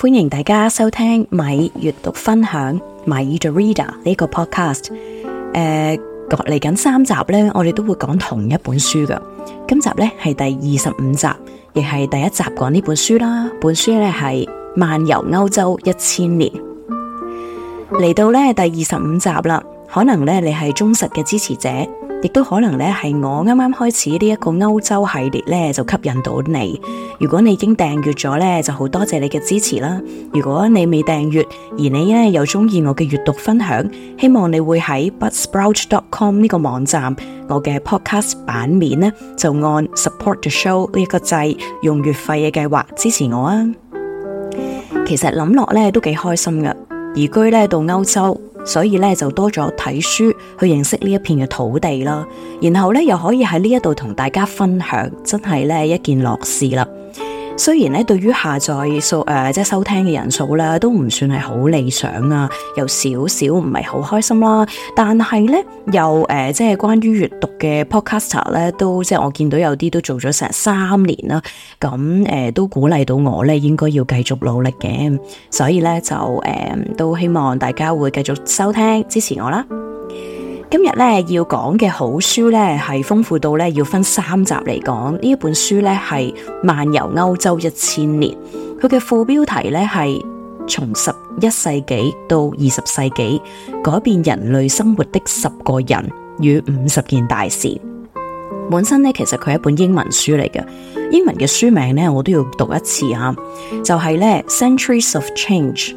歡迎大家收聽《米閱讀分享》《Mic the Reader》呢個 podcast, uh, 誒，嚟緊三集呢，我哋都會講同一本書噶。今集呢係第二十五集，亦係第一集講呢本書啦。本書呢係《漫遊歐洲一千年》。嚟到呢，第二十五集啦，可能呢，你係忠實嘅支持者。亦都可能呢，係我啱啱開始呢一個歐洲系列呢，就吸引到你。如果你已經訂閱咗呢，就好多謝，謝你嘅支持啦。如果你未訂閱，而你呢又中意我嘅閱讀分享，希望你會喺 Buzzsprout.com 呢個網站，我嘅 Podcast 版面呢，就按 Support the Show 呢一個掣，用月費嘅計劃支持我啊。其實諗落呢都幾開心㗎，移居呢到歐洲。所以呢，就多咗睇書去認識呢一片嘅土地啦，然後呢，又可以喺呢一度同大家分享，真係呢一件樂事啦。雖然咧，對於下載數誒，即係收聽嘅人數咧，都唔算係好理想啊，有少少唔係好開心啦。但係咧，又誒、呃，即係關於閱讀嘅 podcast 咧，都即係我見到有啲都做咗成三年啦。咁誒、呃，都鼓勵到我咧，應該要繼續努力嘅。所以咧，就誒、呃，都希望大家會繼續收聽支持我啦。今日要講嘅好書咧，係豐富到要分三集嚟講。呢本書咧，係漫遊歐洲一千年，佢嘅副標題咧，係從十一世紀到二十世紀改變人類生活的十個人與五十件大事。本身其實佢係一本英文書嚟嘅，英文嘅書名我都要讀一次，就係咧，Centuries of Change。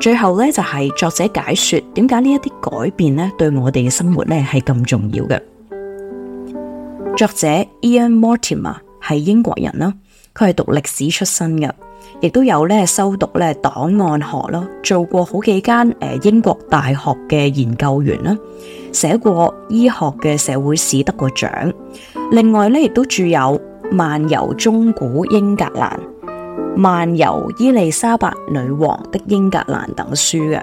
最後咧就係作者解說點解呢一啲改變咧對我哋嘅生活咧係咁重要嘅。作者 Ian Mortimer 係英國人啦，佢係讀歷史出身嘅，亦都有咧修讀咧檔案學咯，做過好幾間誒英國大學嘅研究員啦，寫過醫學嘅社會史得過獎，另外咧亦都著有《漫遊中古英格蘭》。漫遊伊麗莎白女王的英格蘭等書，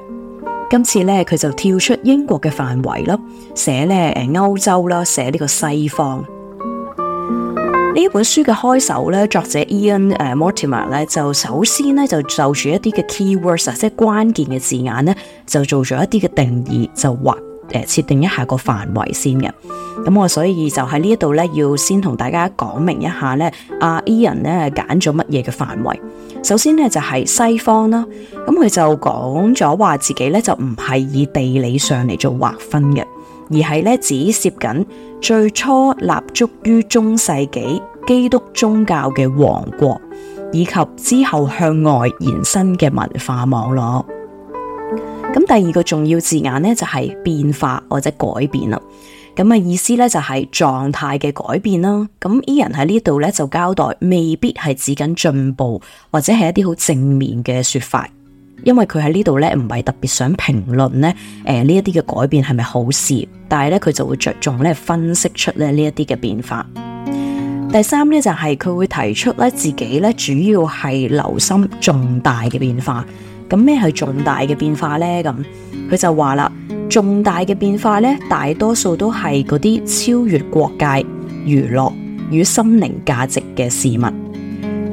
今次咧佢就跳出英國嘅範圍咯，寫歐洲啦，寫呢個西方。呢本書嘅開首，作者 Ian 誒、uh, Mortimer 就首先就就住一啲嘅 key words，、啊、即係關鍵嘅字眼就做咗一啲嘅定義，就畫。誒，設定一下個範圍先嘅，咁我所以就喺呢一度咧，要先同大家講明一下咧，阿伊人咧揀咗乜嘢嘅範圍？首先咧就係西方啦，咁佢就講咗話自己咧就唔係以地理上嚟做劃分嘅，而係咧只涉緊最初立足於中世紀基督宗教嘅王國，以及之後向外延伸嘅文化網絡。咁第二個重要字眼咧，就係變化或者改變啦，咁啊意思咧，就係狀態嘅改變啦。咁 Ian 喺呢度咧，就交代未必係指緊進步或者係一啲好正面嘅說法，因為佢喺呢度咧，唔係特別想評論咧誒呢一啲嘅改變係咪好事，但係咧佢就會着重咧分析出咧呢一啲嘅變化。第三咧，就係佢會提出咧自己咧主要係留心重大嘅變化。咁咩係重大嘅變化呢？咁佢就話啦，重大嘅變化呢，大多數都係嗰啲超越國界、娛樂與心靈價值嘅事物。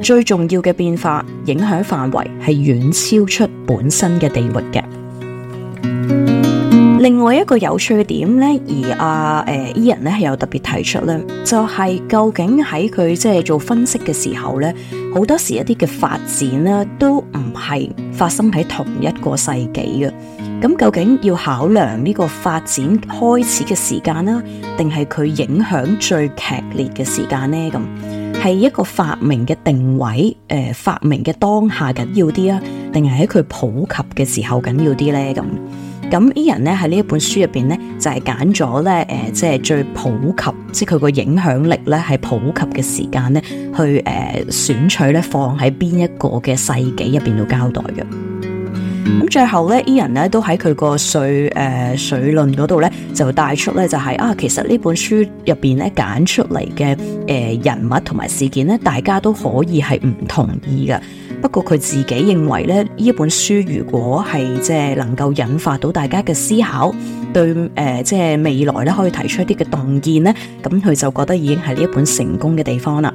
最重要嘅變化，影響範圍係遠超出本身嘅地域嘅。另外一個有趣嘅點咧，而阿誒 Ian 咧係有特別提出咧，就係、是、究竟喺佢即係做分析嘅時候咧，好多時一啲嘅發展咧都唔係發生喺同一個世紀嘅。咁究竟要考量呢個發展開始嘅時間啦，定係佢影響最劇烈嘅時間咧？咁係一個發明嘅定位誒、呃，發明嘅當下緊要啲啊，定係喺佢普及嘅時候緊要啲咧？咁？咁 Ian 咧喺呢一本書入邊咧就係揀咗咧，誒，即係最普及，即係佢個影響力咧係普及嘅時間咧去誒、呃、選取咧放喺邊一個嘅世紀入邊度交代嘅。咁最後咧 Ian 咧都喺佢個緒誒、呃、緒論嗰度咧就帶出咧就係、是、啊，其實呢本書入邊咧揀出嚟嘅誒人物同埋事件咧，大家都可以係唔同意嘅。不過佢自己認為呢本書如果係能夠引發到大家嘅思考，對、呃、即係未來咧可以提出一啲嘅洞見呢，咁佢就覺得已經係呢一本成功嘅地方啦。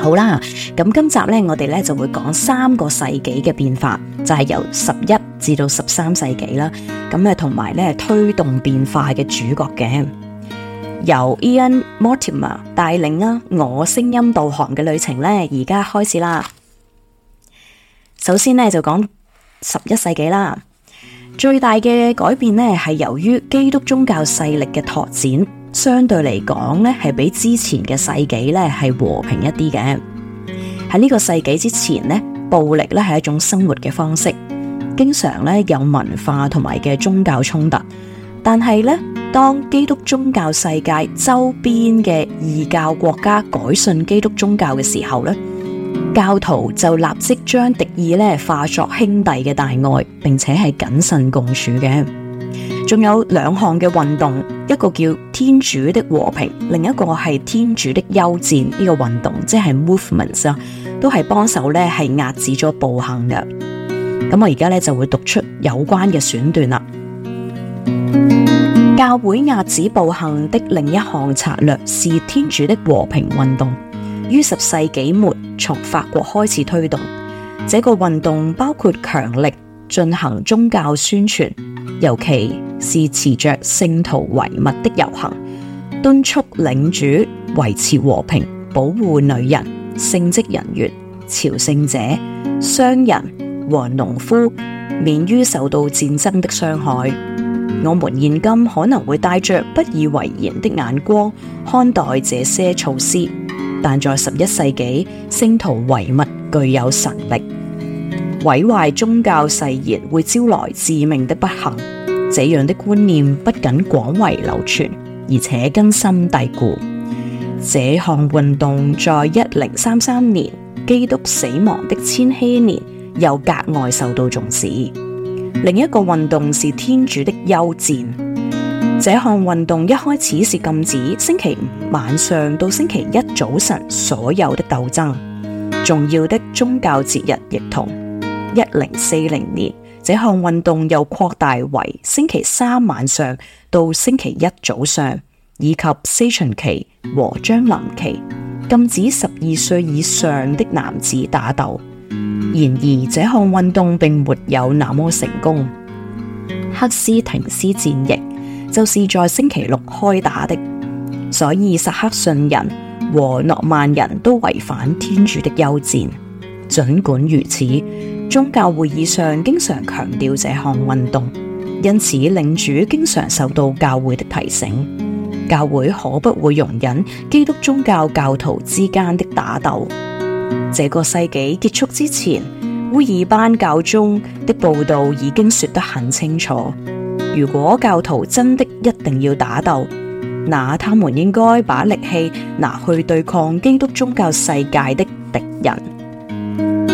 好啦，咁今集呢，我哋咧就會講三個世紀嘅變化，就係、是、由十一至到十三世紀啦。咁啊，同埋呢推動變化嘅主角嘅由 Ian Mortimer 帶領啦、啊。我聲音導航嘅旅程呢，而家開始啦。首先呢，就講十一世紀啦，最大嘅改變呢，係由於基督宗教勢力嘅拓展，相對嚟講呢係比之前嘅世紀呢係和平一啲嘅。喺呢個世紀之前呢，暴力呢係一種生活嘅方式，經常呢有文化同埋嘅宗教衝突。但係呢，當基督宗教世界周邊嘅異教國家改信基督宗教嘅時候呢。教徒就立即將敵意咧化作兄弟嘅大愛，並且係謹慎共處嘅。仲有兩項嘅運動，一個叫天主的和平，另一個係天主的休戰呢、這個運動，即係 movements 啊，都係幫手咧係壓制咗暴行嘅。咁我而家咧就會讀出有關嘅選段啦。 教會壓制暴行的另一項策略是天主的和平運動。於十世紀末，從法國開始推動這個運動，包括強力進行宗教宣傳，尤其是持着聖徒遺物的遊行，敦促領主維持和平，保護女人、聖職人員、朝聖者、商人和農夫免於受到戰爭的傷害。我們現今可能會帶着不以為然的眼光看待這些措施。但在十一世紀，聖徒遺物具有神力，毀壞宗教誓言會招來致命的不幸。這樣的觀念不僅廣為流傳，而且根深蒂固。這項運動在一零三三年基督死亡的千禧年又格外受到重視。另一個運動是天主的休戰。這項運動一開始是禁止星期五晚上到星期一早晨所有的鬥爭，重要的宗教節日亦同。一零四零年，這項運動又擴大為星期三晚上到星期一早上，以及四旬期和降臨期，禁止十二歲以上的男子打鬥。然而，這項運動並沒有那麼成功。黑斯廷斯戰役。就是在星期六開打的，所以薩克遜人和諾曼人都違反天主的休戰。儘管如此，宗教會議上經常強調這項運動，因此領主經常受到教會的提醒。教會可不會容忍基督宗教教徒之間的打鬥。這個世紀結束之前，烏爾班教宗的報道已經說得很清楚。如果教徒真的一定要打鬥，那他們應該把力氣拿去對抗基督宗教世界的敵人。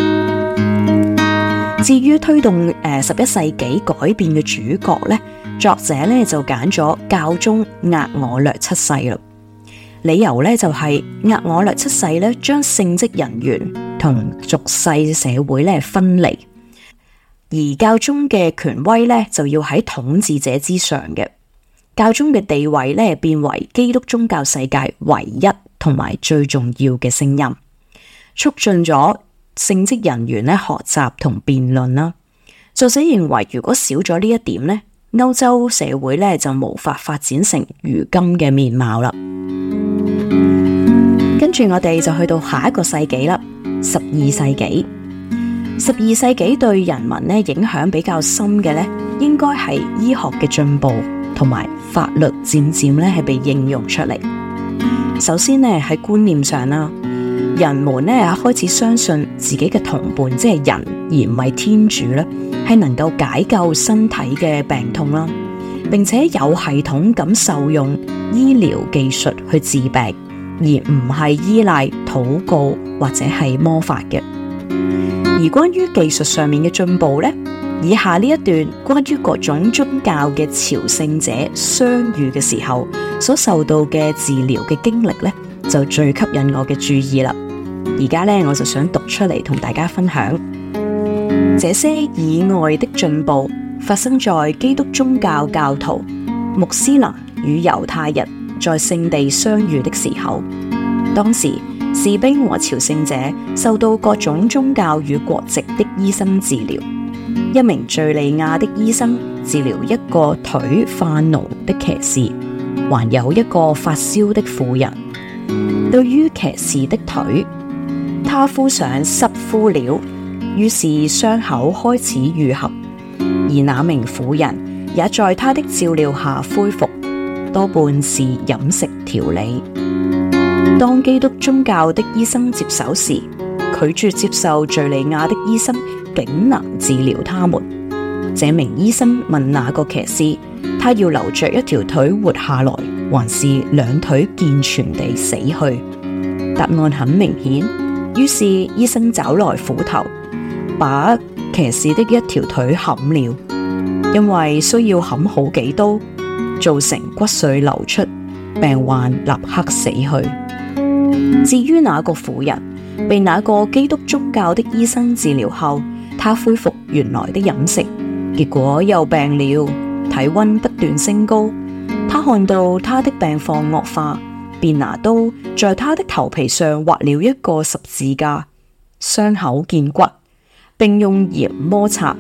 至於推動誒、呃、十一世紀改變嘅主角呢，作者呢就揀咗教宗額我略七世啦。理由呢就係、是、額我略七世呢將聖職人員同俗世社會呢分離。而教宗嘅權威呢，就要喺統治者之上嘅，教宗嘅地位呢，變為基督宗教世界唯一同埋最重要嘅聲音，促進咗聖職人員呢學習同辯論啦。作者認為，如果少咗呢一點呢，歐洲社會呢，就無法發展成如今嘅面貌啦。 跟住我哋就去到下一個世紀啦，十二世紀。十二世紀對人民咧影響比較深嘅咧，應該係醫學嘅進步同埋法律漸漸咧係被應用出嚟。首先咧喺觀念上啦，人們咧開始相信自己嘅同伴，即係人而唔係天主啦，係能夠解救身體嘅病痛啦，並且有系統咁受用醫療技術去治病，而唔係依賴禱告或者係魔法嘅。而關於技術上面嘅進步呢，以下呢一段關於各種宗教嘅朝聖者相遇嘅時候所受到嘅治療嘅經歷呢，就最吸引我嘅注意啦。而家呢，我就想讀出嚟同大家分享。這些以外的進步發生在基督宗教教徒、穆斯林與猶太人在聖地相遇的時候，當時。士兵和朝聖者受到各種宗教與國籍的醫生治療。一名敘利亞的醫生治療一個腿化膿的騎士，還有一個發燒的婦人。對於騎士的腿，他敷上濕敷料，於是傷口開始愈合。而那名婦人也在他的照料下恢復，多半是飲食調理。當基督宗教的醫生接手時，拒絕接受敘利亞的醫生，竟能治療他們。這名醫生問那個騎士，他要留着一條腿活下來，還是兩腿健全地死去？答案很明顯。於是醫生找來斧頭，把騎士的一條腿砍了。因為需要砍好幾刀，造成骨髓流出，病患立刻死去。至於那個婦人，被那個基督宗教的醫生治療後，她恢復原來的飲食，結果又病了，體溫不斷升高。她看到他的病況惡化，便拿刀在他的頭皮上劃了一個十字架，傷口見骨，並用鹽摩擦。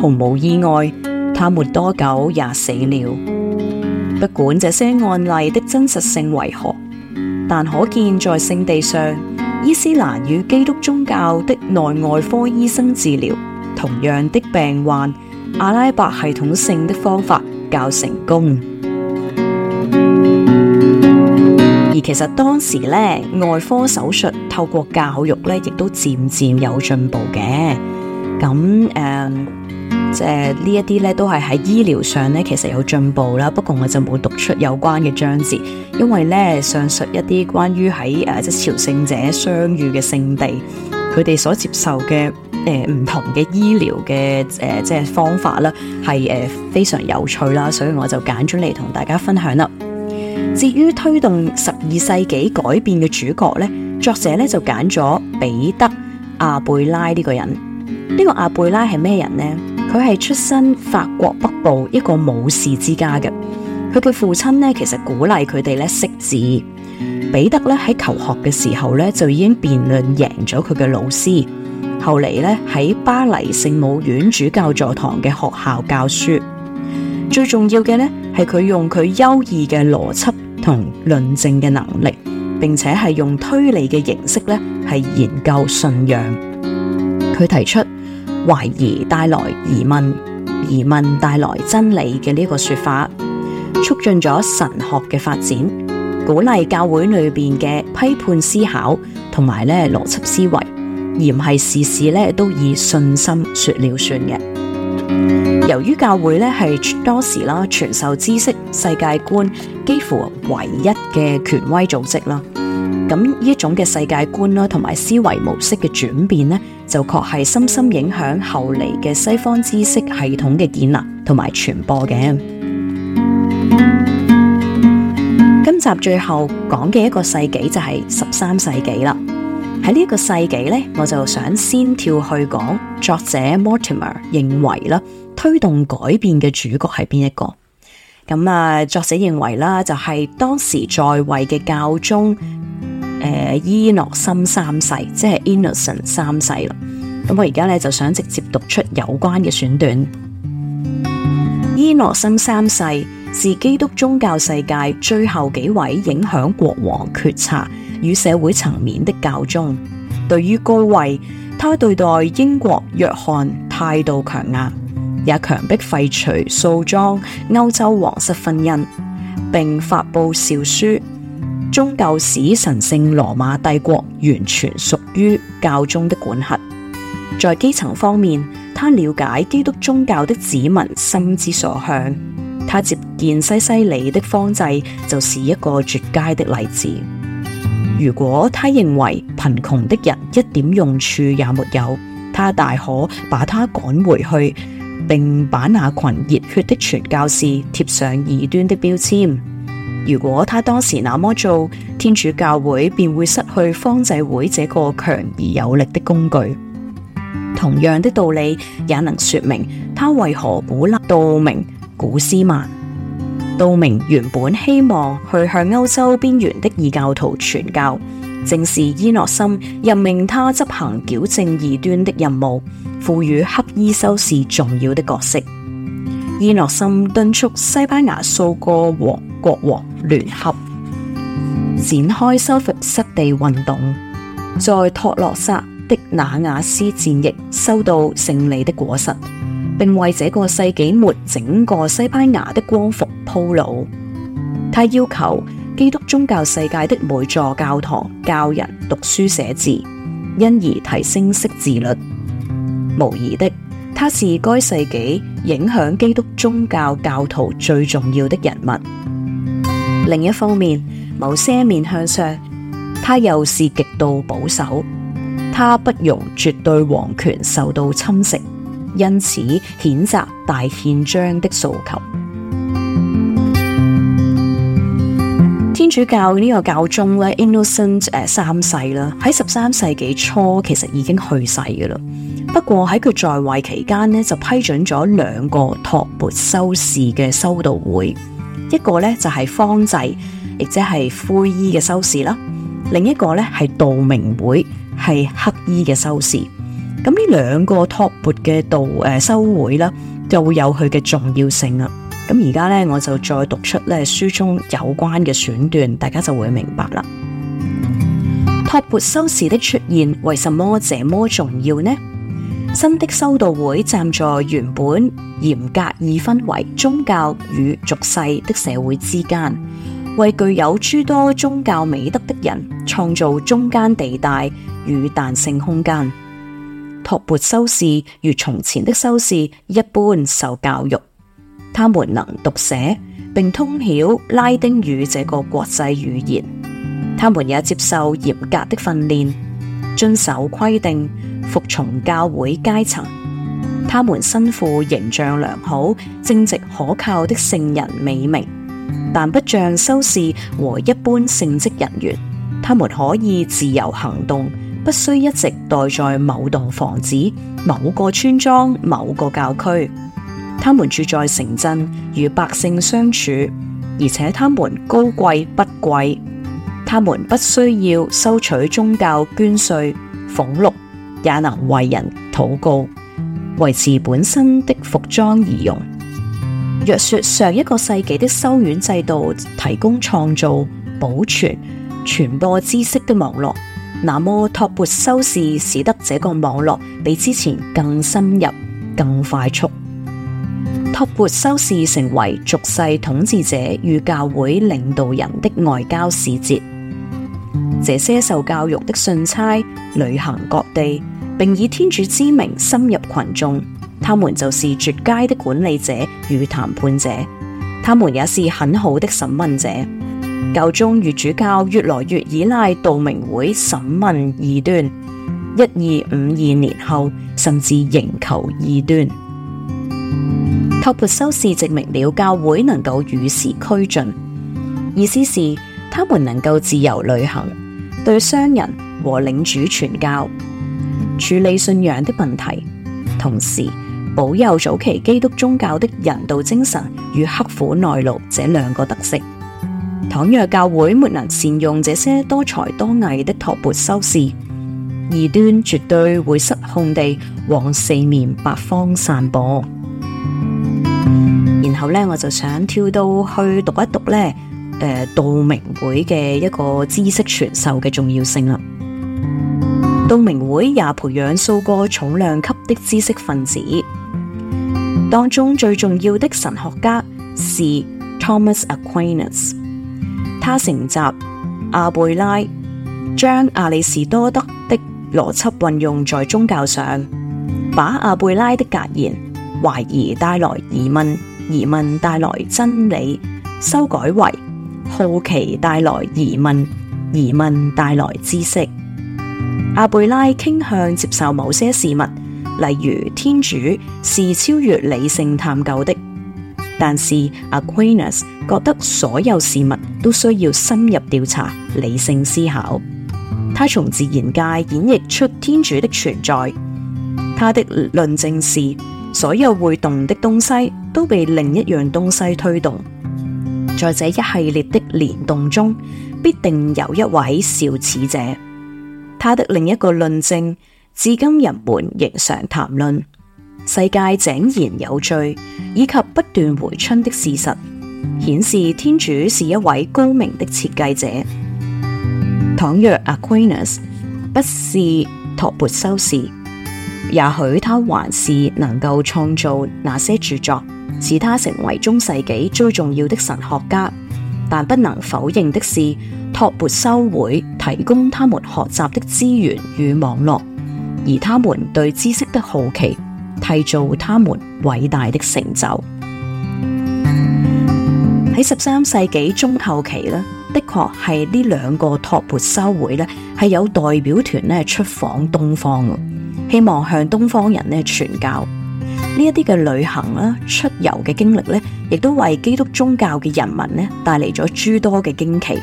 毫無意外，他沒多久也死了。不管這些案例的真實性為何。但可見在聖地上，伊斯蘭與基督宗教的內外科醫生治療同樣的病患，阿拉伯系統性的方法較成功。 而其實當時呢，外科手術透過教育呢，亦都漸漸有進步嘅。咁誒，呢一啲咧都係喺醫療上咧，其實有進步啦。不過我就冇讀出有關嘅章節，因為咧上述一啲關於喺誒即朝聖者相遇嘅聖地，佢哋所接受嘅誒唔同嘅醫療嘅誒、呃、即方法啦，係誒、呃、非常有趣啦。所以我就揀咗嚟同大家分享啦。至於推動十二世紀改變嘅主角咧，作者咧就揀咗彼得阿貝拉呢個人。呢、呢個阿貝拉係咩人呢？佢係出身法國北部一個武士之家嘅，佢嘅父親呢，其實鼓勵佢哋呢識字。彼得呢喺求學嘅時候呢就已經辯論贏咗佢嘅老師，後嚟呢喺巴黎聖母院主教座堂嘅學校教書。最重要嘅呢係佢用佢優異嘅邏輯同論證嘅能力，並且係用推理嘅形式呢係研究信仰。佢提出。懷疑帶來疑問，疑問帶來真理嘅呢個說法，促進咗神學嘅發展，鼓勵教會裏面嘅批判思考同埋咧邏輯思維，而唔係事事都以信心說了算嘅。由於教會咧係當時啦傳授知識世界觀幾乎唯一嘅權威組織啦，咁呢一種嘅世界觀啦同埋思維模式嘅轉變咧。就確係深深影響後嚟嘅西方知識系統嘅建立同埋傳播嘅。今集最後講嘅一個世紀就係十三世紀啦。喺呢一個世紀呢，我就想先跳去講作者 Mortimer 認為啦，推動改變嘅主角係邊一個？咁、嗯、啊，作者認為啦，就係、是、當時在位嘅教宗。誒、呃、伊諾森三世，即係 Innocent 三世啦。咁、嗯、我而家咧就想直接讀出有關嘅選段。伊諾森三世是基督宗教世界最後幾位影響國王決策與社會層面的教宗。對於高位，他對待英國約翰態度強硬，也強迫廢除訴訟歐洲皇室婚姻，並發布詔書。宗教史，神聖羅馬帝國完全屬於教宗的管轄。在基層方面，他了解基督宗教的子民心之所向。他接見西西里的方濟就是一個絕佳的例子。如果他認為貧窮的人一點用處也沒有，他大可把他趕回去，並把那群熱血的傳教士貼上異端的標籤。如果他當時那麼做，天主教會便會失去方濟會這個強而有力的工具。同樣的道理也能說明他為何鼓勵道明古斯曼。道明原本希望去向歐洲邊緣的異教徒傳教，正是伊諾森任命他執行矯正異端的任務，賦予黑衣修士重要的角色。伊諾森敦促西班牙數個王國國王。聯合展開收復失地運動，在托洛薩的那雅斯戰役收到勝利的果實，並為這個世紀末整個西班牙的光復鋪路。他要求基督宗教世界的每座教堂教人讀書寫字，因而提升識字率。無疑的，他是該世紀影響基督宗教教徒最重要的人物。另一方面，某些面向上，他又是極度保守，他不容絕對皇權受到侵蝕，因此譴責大憲章的訴求。 天主教呢個教宗咧，Innocent 誒、呃、三世啦，喺十三世紀初其實已經去世嘅啦。不過喺佢在位期間咧，就批准咗兩個托缽修士嘅修道會。一個呢，也就係方濟，或者係灰衣嘅修士啦；另一個呢，係道明會，係黑衣嘅修士。咁呢兩個托缽嘅道、呃、修會啦，就會有佢嘅重要性啊。咁而家呢，我就再讀出呢書中有關嘅選段，大家就會明白啦。托缽修士的出現，為什麼這麼重要呢？新的修道會站在原本嚴格二分為宗教與俗世的社會之間，為具有諸多宗教美德的人創造中間地帶與彈性空間。托缽修士如從前的修士一般受教育，他們能讀寫，並通曉拉丁語這個國際語言。他們也接受嚴格的訓練，遵守規定。服從教會階層，他們身負形象良好、正直可靠的聖人美名，但不像修士和一般聖職人員，他們可以自由行動，不需一直待在某棟房子、某個村莊、某個教區。他們住在城鎮，與百姓相處，而且他們高貴不貴，他們不需要收取宗教捐稅、俸禄。也能為人禱告，維持本身的服裝儀容。若說上一個世紀的修院制度提供創造、保存、傳播知識的網絡，那麼托缽修士使得這個網絡比之前更深入、更快速。托缽修士成為俗世統治者與教會領導人的外交使節，這些受教育的信差旅行各地。並以天主之名深入群眾，他們就是絕佳的管理者與談判者，他們也是很好的審問者。教宗與主教越來越依賴道明會審問異端，一二五二年後甚至迎求異端。托缽修士證明了教會能夠與時俱進，意思是他們能夠自由旅行，對商人和領主傳教。處理信仰的問題，同時保有早期基督宗教的人道精神與刻苦耐勞這兩個特色。倘若教會沒能善用這些多才多藝的托缽修士，異端絕對會失控地往四面八方散播。 然後呢，我就想跳到去讀一讀呢誒、呃，道明會嘅一個知識傳授嘅重要性啦。道明會也培養數個重量級的知識分子，當中最重要的神學家是 Thomas Aquinas。他承襲阿貝拉，將亞里士多德的邏輯運用在宗教上，把阿貝拉的格言“懷疑帶來疑問，疑問帶來真理”修改為“好奇帶來疑問，疑問帶來知識”。阿貝拉傾向接受某些事物，例如天主是超越理性探究的。但是 Aquinas 覺得所有事物都需要深入調查、理性思考。他從自然界演繹出天主的存在。他的論證是：所有會動的東西都被另一樣東西推動，在這一系列的聯動中，必定有一位肇始者。他的另一個論證至今人們仍常談論，世界井然有序以及不斷回春的事實，顯示天主是一位高明的設計者。倘若 Aquinas 不是托缽修士，也許他還是能夠創造那些著作，使他成為中世紀最重要的神學家。但不能否認的是，托缽修會提供他們學習的資源與網絡，而他們對知識的好奇，締造他們偉大的成就。喺十三世紀中後期咧，的確係呢兩個托缽修會呢係有代表團咧出訪東方，希望向東方人咧傳教。呢一啲嘅旅行啦，出遊嘅經歷咧，亦都為基督宗教嘅人民咧帶嚟咗諸多嘅驚奇。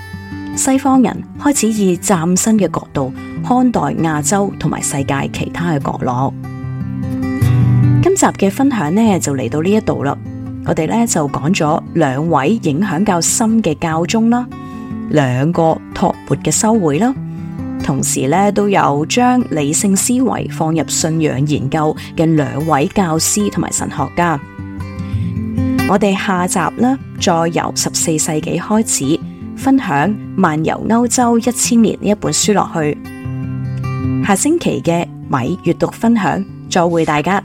西方人開始以嶄新嘅角度看待亞洲同埋世界其他嘅角落。 今集嘅分享咧就嚟到呢一度啦，我哋咧就講咗兩位影響較深嘅教宗啦，兩個托缽嘅修會啦。同時咧，都有將理性思維放入信仰研究嘅兩位教師同埋神學家。我哋下集咧，再由十四世紀開始分享漫遊歐洲一千年呢一本書落去。下星期嘅米閱讀分享，再會大家。